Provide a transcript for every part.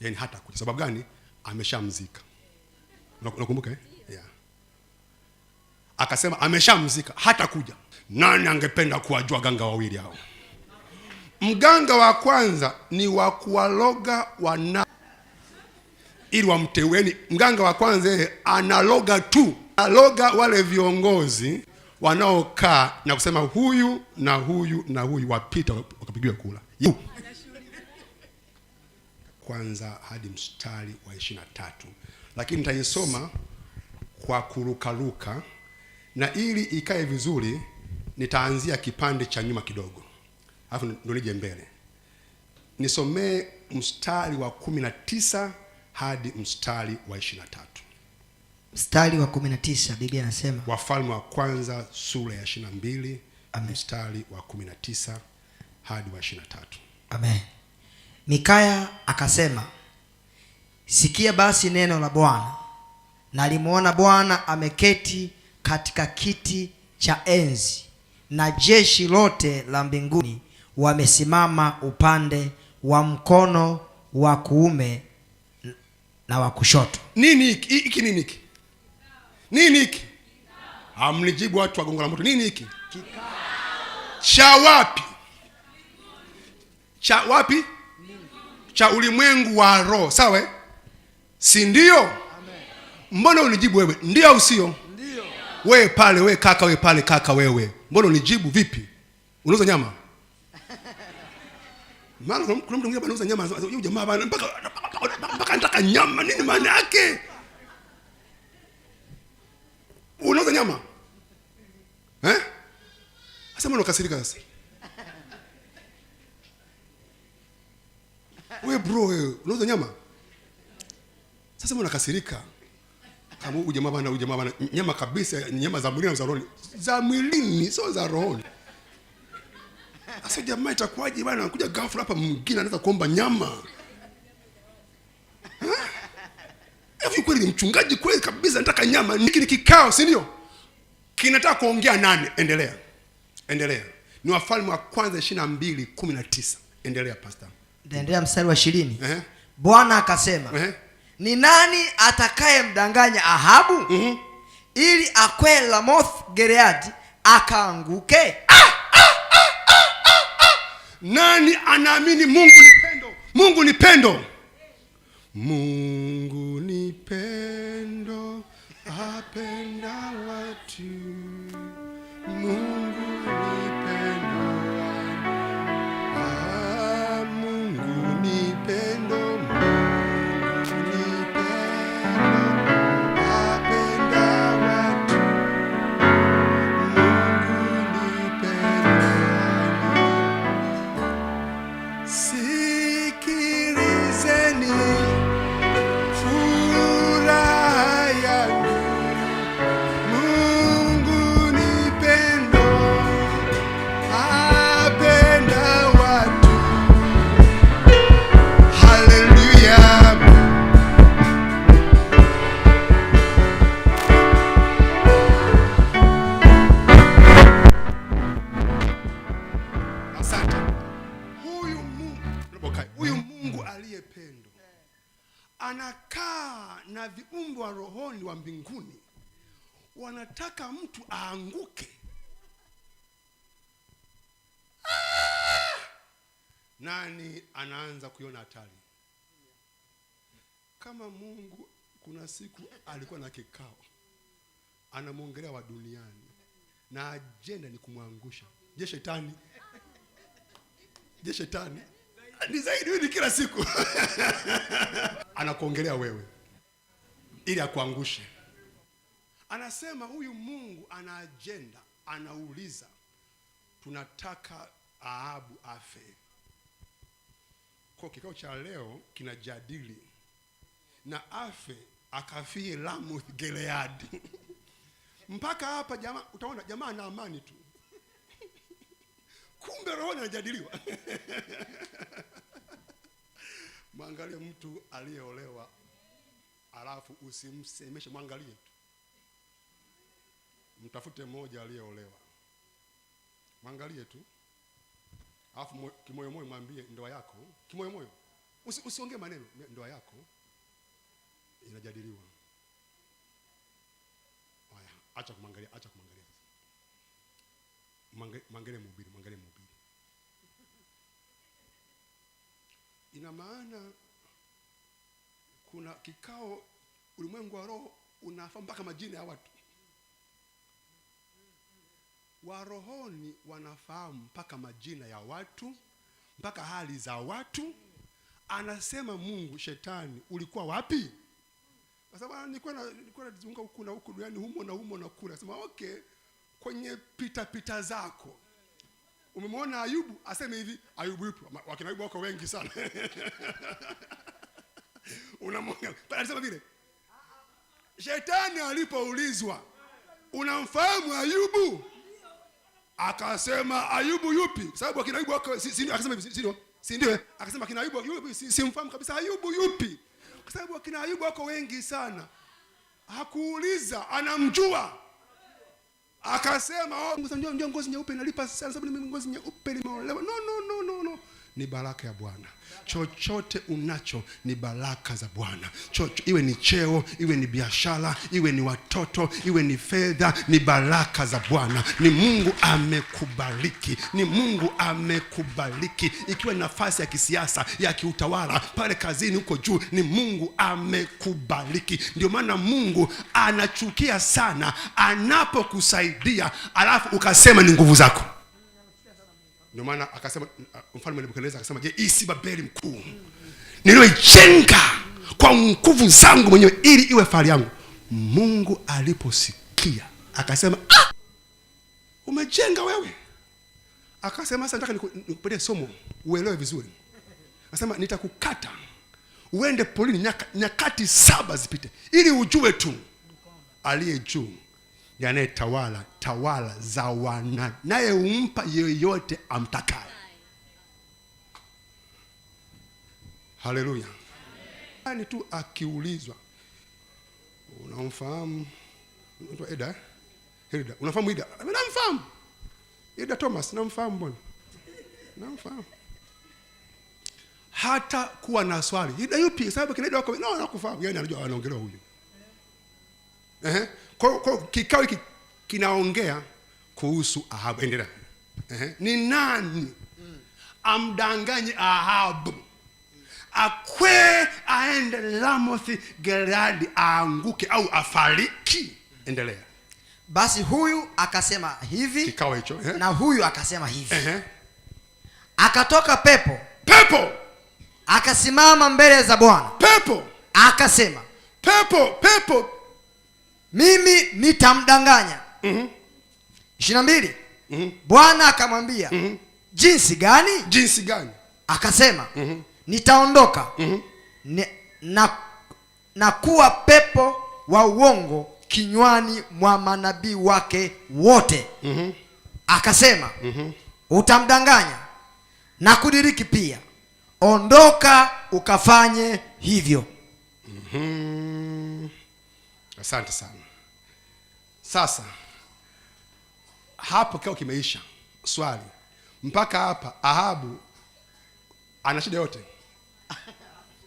yani hata kuja. Sababu gani? Ameshamzika. Unakumbuka eh? Yeah. Akasema ameshamzika hata kuja. Nani angependa kuwajua ganga wawili hao? Mganga wa kwanza ni wa kuwaloga wana ili wamteueni. Mganga wa kwanza yeye analoga tu, aloga wale viongozi wanaokaa na kusema huyu na huyu na huyu wapita wakapigiwa kula kwanza hadi mstari wa ishirini na tatu lakini nitaisoma kwa kurukaruka na ili ikae vizuri nitaanzia kipande cha nyuma kidogo, alafu ndo nije mbele nisomee mstari wa kumi na tisa hadi mstari wa ishirini na tatu. Mstari wa kumi na tisa Biblia anasema Wafalme wa Kwanza sura ya ishirini na mbili mstari wa kumi na tisa hadi wa ishirini na tatu. Amen. Mikaya akasema, sikia basi neno la Bwana. Nalimwona Bwana ameketi katika kiti cha enzi na jeshi lote la mbinguni wamesimama upande wa mkono wa kuume na wa kushoto. Nini hiki? nini hiki? Nini hiki? Amnijibu watu wa gongo la moto. Nini hiki? Cha wapi? Cha wapi? cha ulimwengu wa roho, sawa, eh? si ndio? Mbona unijibu wewe ndio au sio? Wewe pale, wewe kaka, wewe pale kaka, wewe mbona unijibu vipi? Unauza nyama? Maana kuna mtu mwingine anauza nyama, huyo jamaa bana mpaka mpaka anataka nyama. Nini maana yake? Unauza nyama eh? asema mbona sasa? wewe bro, wewe unauza nyama? Sasa mbona unakasirika? Kama huyu jamaa bana, huyu jamaa bana, nyama kabisa, nyama za mwilini za rohoni. Za mwilini sio za rohoni. Sasa jamaa itakuwaje bana? Anakuja ghafla hapa, mwingine anaweza kuomba nyama. Hivi kweli ni mchungaji kweli kabisa, nataka nyama. Niki ni kikao, si ndio? Kinataka kuongea nani? Endelea. Endelea. Ni Wafalme wa kwanza 22:19. Endelea pastor naendelea mstari wa ishirini. uh -huh. Bwana akasema, uh -huh. ni nani atakayemdanganya Ahabu uh mhm. -huh. ili akwe Lamoth Gileadi akaanguke? Ah, ah, ah, ah. Nani anaamini Mungu ni pendo? Mungu ni pendo. Mungu ni pendo apenda watu need. anakaa na viumbe wa rohoni wa mbinguni, wanataka mtu aanguke. Ah! Nani anaanza kuiona hatari? Kama Mungu kuna siku alikuwa na kikao anamwongelea wa duniani na ajenda ni kumwangusha. Je, shetani? Je, shetani? ni zaidi ni kila siku anakuongelea wewe ili akuangushe. Anasema huyu Mungu ana ajenda, anauliza tunataka Ahabu afe. Kwa kikao cha leo kinajadili na afe akafie Ramoth Gileadi. Mpaka hapa jamaa, utaona jamaa ana amani tu, kumbe roho anajadiliwa. Mwangalie mtu aliyeolewa, alafu usimsemeshe, mwangalie tu, mtafute mmoja aliyeolewa, mwangalie tu, alafu kimoyomoyo mwambie ndoa yako, kimoyomoyo, usiongee maneno, ndoa yako inajadiliwa. Haya, acha kumwangalia, acha kumwangalia mwangalie mhubiri, mwangalie mhubiri Ina maana kuna kikao, ulimwengu wa roho unafahamu mpaka majina ya watu warohoni, wanafahamu mpaka majina ya watu, mpaka hali za watu. Anasema Mungu, shetani ulikuwa wapi? Kwa sababu nilikuwa nazunguka huku na huku duniani humo na humo na kule, nasema okay, kwenye pitapita pita zako Umemwona Ayubu aseme hivi, Ayubu yupo. Wakina Ayubu wako wengi sana unamwona vile. Shetani alipoulizwa unamfahamu Ayubu, akasema Ayubu yupi? Sababu akina Ayubu wako akasema hivi, si ndio? Si ndio? Akasema akina Ayubu yupi? Simfahamu kabisa. Ayubu yupi? Kwa sababu akina Ayubu wako wengi sana. Hakuuliza, anamjua akasema, oh, ngozi nyeupe inalipa sana, sababu mimi ngozi nyeupe nimeolewa. No, no, no, no, no ni baraka ya Bwana. Chochote unacho ni baraka za Bwana. Iwe ni cheo, iwe ni biashara, iwe ni watoto, iwe ni fedha, ni baraka za Bwana. Ni Mungu amekubariki, ni Mungu amekubariki. Ikiwa ni nafasi ya kisiasa, ya kiutawala, pale kazini, huko juu, ni Mungu amekubariki. Ndio maana Mungu anachukia sana anapokusaidia alafu ukasema ni nguvu zako. Ndio maana akasema uh, mfalme Nebukadneza akasema, je, hii si Babeli mkuu niliyoijenga kwa nguvu zangu mwenyewe ili iwe fahari yangu? Mungu aliposikia akasema, ah, umejenga wewe. Akasema, sasa nataka nikupatie somo uelewe vizuri. Akasema, nitakukata uende polini nyaka, nyakati saba zipite ili ujue tu aliye juu yanayetawala tawala za wana, naye umpa yeyote amtakaye. Haleluya! ani tu akiulizwa, unamfahamu Eda? Eh? Hilda, unafahamu Hilda? Namfahamu Hilda Thomas, namfahamu bwana, namfahamu hata kuwa na swali ida yupi, sababu kinaida wako, no, nakufahamu. Yani anajua anaongelea huyu Ehe. Kwa kikao hiki kinaongea kuhusu Ahabu. Endelea. Ehe. Ni nani amdanganye Ahabu akwe aende Ramoth Gileadi aanguke au afariki? Endelea. Basi huyu akasema hivi, kikao hicho, na huyu akasema hivi. -eh. Akatoka pepo pepo akasimama mbele za Bwana pepo akasema pepo pepo mimi nitamdanganya. mm -hmm. 22 mm -hmm. Bwana akamwambia mm -hmm. jinsi gani? Jinsi gani? Akasema mm -hmm. nitaondoka mm -hmm. na, na kuwa pepo wa uongo kinywani mwa manabii wake wote. mm -hmm. Akasema mm -hmm. utamdanganya na kudiriki pia, ondoka ukafanye hivyo. mm -hmm. Asante sana. Sasa hapo kikao kimeisha. Swali mpaka hapa, Ahabu ana shida yote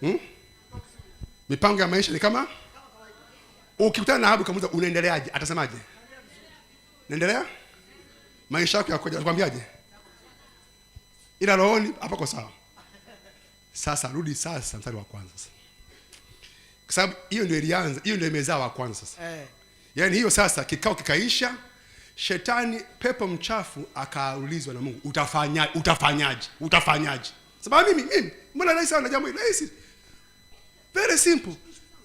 hmm? Mipango ya maisha ni kama ukikutana na Ahabu kamuuliza unaendeleaje, atasemaje? Naendelea maisha yako yakoje, atakwambiaje? Ila rohoni hapa kwa sawa. Sasa rudi sasa mstari wa kwanza sasa, kwa sababu hiyo ndio ilianza, hiyo ndio imezaa wa kwanza sasa eh. Yaani hiyo sasa, kikao kikaisha, shetani pepo mchafu akaulizwa na Mungu, utafanya utafanyaje? Utafanyaje? Sababu mimi mimi, mbona rahisi sana jambo hili rahisi, very simple.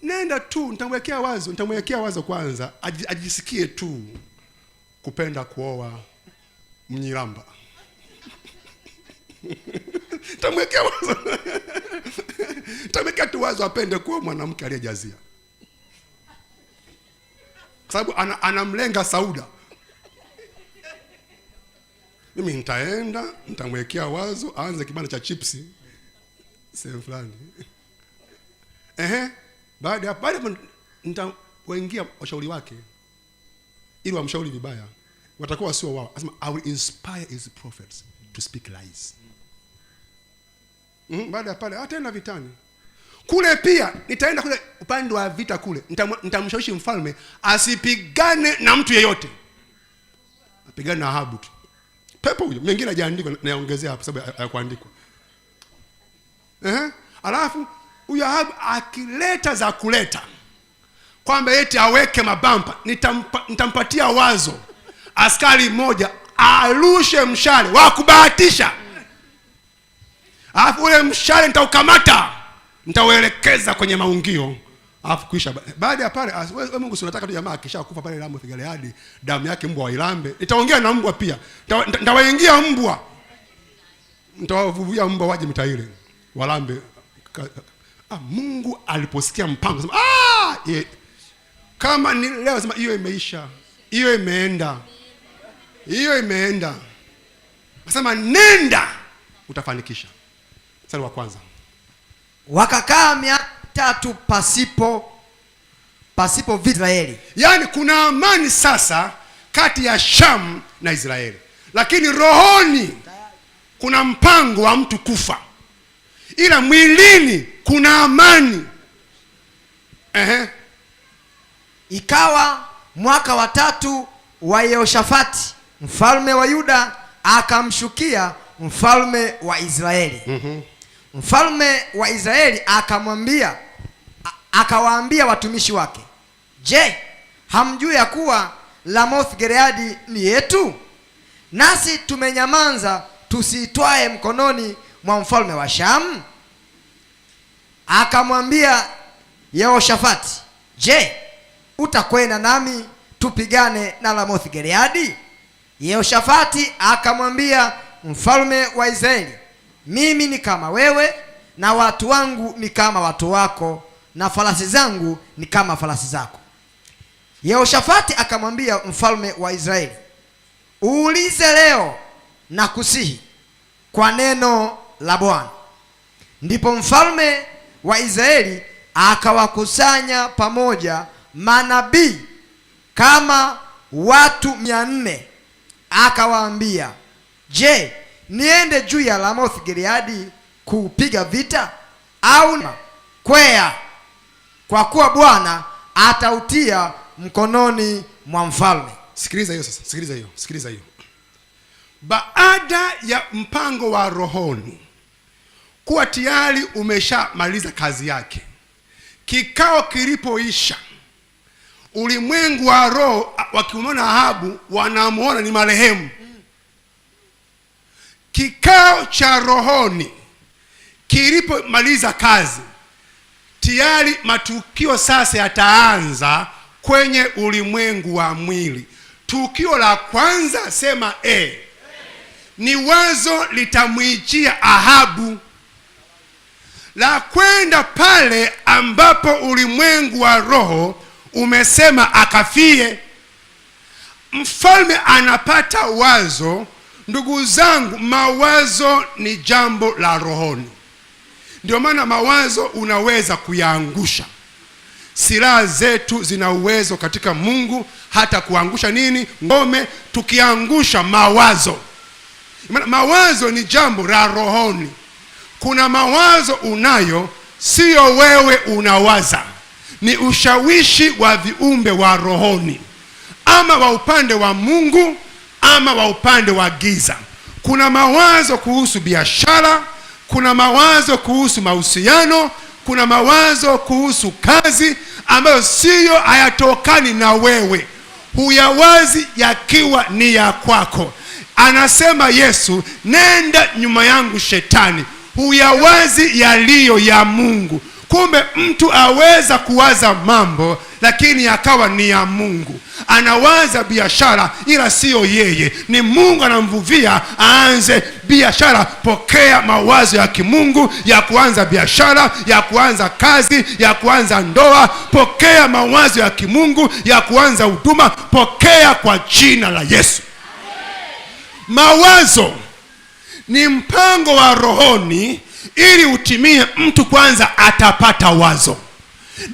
Nenda tu, nitamwekea wazo, nitamwekea wazo kwanza, ajisikie tu kupenda kuoa Mnyiramba nitamwekea wazo nitamwekea tu wazo apende kuoa mwanamke aliyejazia sababu ana, anamlenga Sauda. Mimi nitaenda nitamwekea wazo aanze kibanda cha chipsi sehemu fulani. Ehe, baada hapo nitawaingia washauri wake ili wamshauri vibaya, watakuwa sio wao. Anasema I will inspire his prophets to speak lies. Mm, baada ya pale ataenda vitani. Kule pia nitaenda kule upande wa vita kule, nitamshawishi mfalme asipigane na mtu yeyote, apigane na Ahabu tu. Pepo huyo, mengine hajaandikwa, nayaongezea hapo sababu hayakuandikwa. alafu huyo Ahabu akileta za kuleta kwamba eti aweke mabampa, nitampa, nitampatia wazo askari mmoja arushe mshale wa kubahatisha, alafu ule mshale nitaukamata nitawaelekeza kwenye maungio Alafu kisha baada ya pale, wewe Mungu, unataka tu jamaa akishakufa pale Lamu Galeadi, damu yake mbwa wailambe. Nitaongea na mbwa pia, nitawaingia mbwa, nitawavuvia mbwa waje mitaile walambe. Ah, Mungu aliposikia mpango sema, ah ye, kama ni leo sema hiyo imeisha, hiyo imeenda, hiyo imeenda. Nasema nenda, utafanikisha. sura wa kwanza wakakaa miaka tatu pasipo pasipo Israeli. Yaani kuna amani sasa kati ya Shamu na Israeli, lakini rohoni kuna mpango wa mtu kufa, ila mwilini kuna amani. Ehe. Ikawa mwaka wa tatu wa Yehoshafati mfalme wa Yuda akamshukia mfalme wa Israeli. mm -hmm. Mfalme wa Israeli akamwambia, akawaambia watumishi wake, je, hamjui ya kuwa Lamoth gereadi ni yetu, nasi tumenyamanza tusiitwae mkononi mwa mfalme wa Shamu? Akamwambia Yehoshafati, je, utakwenda nami tupigane na Lamoth gereadi Yehoshafati akamwambia mfalme wa Israeli, mimi ni kama wewe na watu wangu ni kama watu wako na farasi zangu ni kama farasi zako. Yehoshafati akamwambia mfalme wa Israeli, uulize leo na kusihi kwa neno la Bwana. Ndipo mfalme wa Israeli akawakusanya pamoja manabii kama watu mia nne, akawaambia, je, niende juu ya Ramoth Gileadi kupiga vita au kwea, kwa kuwa Bwana atautia mkononi mwa mfalme. Sikiliza hiyo sasa, sikiliza hiyo, sikiliza hiyo. Baada ya mpango wa rohoni kuwa tayari umeshamaliza kazi yake, kikao kilipoisha, ulimwengu wa roho wakimwona Ahabu, wanamuona ni marehemu. Kikao cha rohoni kilipomaliza kazi, tayari matukio sasa yataanza kwenye ulimwengu wa mwili. Tukio la kwanza, sema e, ni wazo litamwijia Ahabu la kwenda pale ambapo ulimwengu wa roho umesema akafie. Mfalme anapata wazo Ndugu zangu, mawazo ni jambo la rohoni. Ndio maana mawazo unaweza kuyaangusha. Silaha zetu zina uwezo katika Mungu hata kuangusha nini, ngome, tukiangusha mawazo. Maana mawazo ni jambo la rohoni. Kuna mawazo unayo, siyo wewe unawaza, ni ushawishi wa viumbe wa rohoni, ama wa upande wa Mungu ama wa upande wa giza. Kuna mawazo kuhusu biashara, kuna mawazo kuhusu mahusiano, kuna mawazo kuhusu kazi ambayo siyo, hayatokani na wewe, huyawazi yakiwa ni ya kwako. Anasema Yesu, nenda nyuma yangu Shetani, huyawazi yaliyo ya Mungu. Kumbe mtu aweza kuwaza mambo lakini akawa ni ya Mungu. Anawaza biashara ila siyo yeye, ni Mungu anamvuvia aanze biashara. Pokea mawazo ya kimungu ya kuanza biashara, ya kuanza kazi, ya kuanza ndoa. Pokea mawazo ya kimungu ya kuanza huduma, pokea kwa jina la Yesu. Mawazo ni mpango wa rohoni ili utimie, mtu kwanza atapata wazo.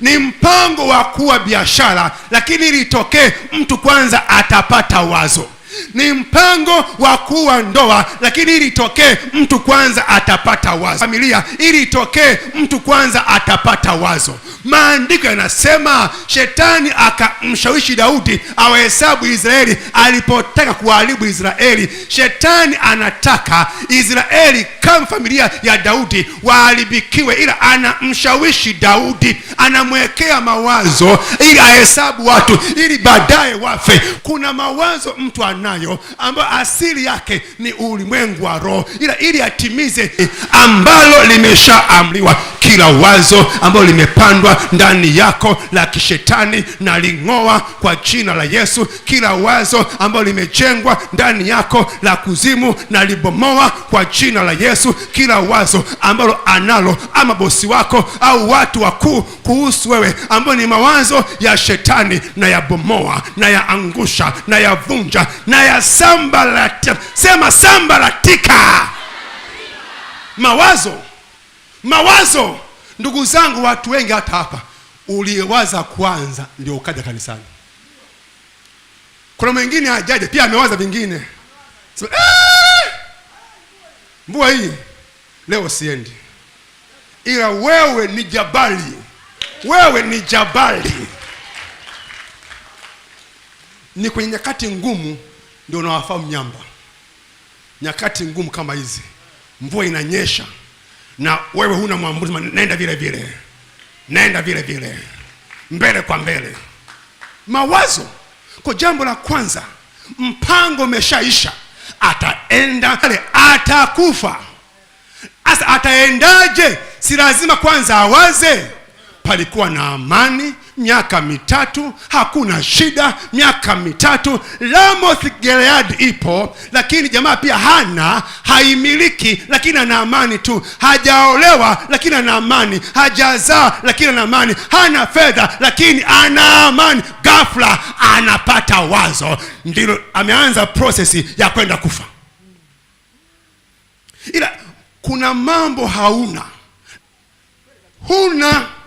Ni mpango wa kuwa biashara, lakini ilitokee mtu kwanza atapata wazo ni mpango wa kuwa ndoa, lakini ili itokee mtu kwanza atapata wazo familia, ili itokee mtu kwanza atapata wazo. Maandiko yanasema shetani akamshawishi Daudi awahesabu Israeli. Alipotaka kuharibu Israeli, shetani anataka Israeli kama familia ya Daudi waharibikiwe, ila anamshawishi Daudi, anamwekea mawazo ili ahesabu watu, ili baadaye wafe. Kuna mawazo mtu ana nayo, ambayo asili yake ni ulimwengu wa roho, ila ili atimize ambalo limeshaamriwa kila wazo ambalo limepandwa ndani yako la kishetani na ling'oa kwa jina la Yesu. Kila wazo ambalo limejengwa ndani yako la kuzimu na libomoa kwa jina la Yesu. Kila wazo ambalo analo ama bosi wako au watu wakuu kuhusu wewe, ambayo ni mawazo ya shetani, na yabomoa na yaangusha na yavunja na ya sambaratika. Sema sambalatika Mawazo, mawazo. Ndugu zangu, watu wengi hata hapa uliwaza kwanza ndio ukaja kanisani. Kuna mwingine ajaje pia amewaza vingine, mbua eh! hii leo siendi, ila wewe ni jabali, wewe ni jabali. Ni kwenye nyakati ngumu ndio unawafahamu Nyamba. Nyakati ngumu kama hizi, mvua inanyesha na wewe huna mwambuzi, naenda vile vile, naenda vile vile, mbele kwa mbele, mawazo kwa jambo la kwanza, mpango umeshaisha, ataenda atakufa. Sasa ataendaje? Si lazima kwanza awaze. Palikuwa na amani miaka mitatu, hakuna shida. Miaka mitatu Ramoth Gilead ipo, lakini jamaa pia hana, haimiliki, lakini ana amani tu. Hajaolewa, lakini ana amani. Hajazaa, lakini ana amani. Hana fedha, lakini ana amani. Ghafla anapata wazo, ndilo ameanza prosesi ya kwenda kufa, ila kuna mambo hauna, huna